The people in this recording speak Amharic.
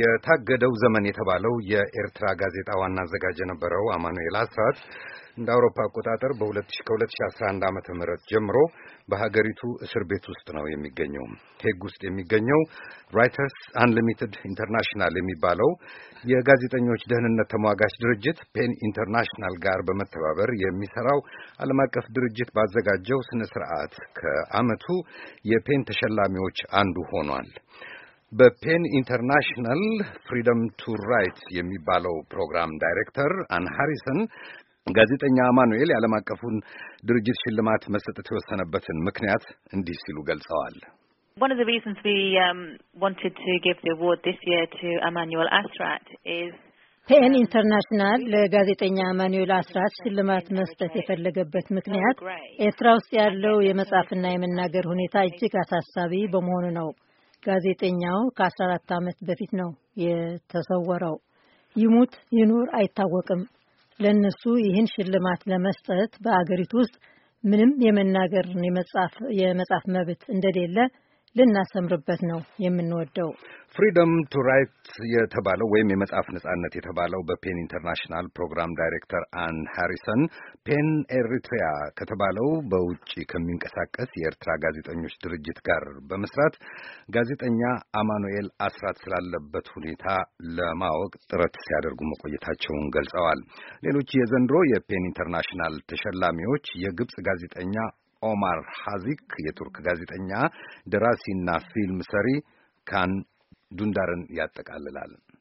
የታገደው ዘመን የተባለው የኤርትራ ጋዜጣ ዋና አዘጋጅ የነበረው አማኑኤል አስራት እንደ አውሮፓ አቆጣጠር ከ2011 ዓ ም ጀምሮ በሀገሪቱ እስር ቤት ውስጥ ነው የሚገኘው። ሄግ ውስጥ የሚገኘው ራይተርስ አንሊሚትድ ኢንተርናሽናል የሚባለው የጋዜጠኞች ደህንነት ተሟጋች ድርጅት ፔን ኢንተርናሽናል ጋር በመተባበር የሚሰራው ዓለም አቀፍ ድርጅት ባዘጋጀው ስነ ስርዓት ከአመቱ የፔን ተሸላሚዎች አንዱ ሆኗል። በፔን ኢንተርናሽናል ፍሪደም ቱ ራይት የሚባለው ፕሮግራም ዳይሬክተር አን ሃሪሰን ጋዜጠኛ አማኑኤል የዓለም አቀፉን ድርጅት ሽልማት መሰጠት የወሰነበትን ምክንያት እንዲህ ሲሉ ገልጸዋል። ፔን ኢንተርናሽናል ለጋዜጠኛ አማኑኤል አስራት ሽልማት መስጠት የፈለገበት ምክንያት oh, ኤርትራ ውስጥ ያለው የመጻፍና የመናገር ሁኔታ እጅግ አሳሳቢ በመሆኑ ነው። ጋዜጠኛው ከ14 ዓመት በፊት ነው የተሰወረው። ይሙት ይኑር አይታወቅም። ለእነሱ ይህን ሽልማት ለመስጠት በአገሪቱ ውስጥ ምንም የመናገር የመጻፍ መብት እንደሌለ ልናሰምርበት ነው የምንወደው። ፍሪደም ቱ ራይት የተባለው ወይም የመጽሐፍ ነጻነት የተባለው በፔን ኢንተርናሽናል ፕሮግራም ዳይሬክተር አን ሃሪሰን ፔን ኤሪትሪያ ከተባለው በውጭ ከሚንቀሳቀስ የኤርትራ ጋዜጠኞች ድርጅት ጋር በመስራት ጋዜጠኛ አማኑኤል አስራት ስላለበት ሁኔታ ለማወቅ ጥረት ሲያደርጉ መቆየታቸውን ገልጸዋል። ሌሎች የዘንድሮ የፔን ኢንተርናሽናል ተሸላሚዎች የግብፅ ጋዜጠኛ ኦማር ሐዚክ የቱርክ ጋዜጠኛ ደራሲና ፊልም ሰሪ ካን ዱንዳርን ያጠቃልላል።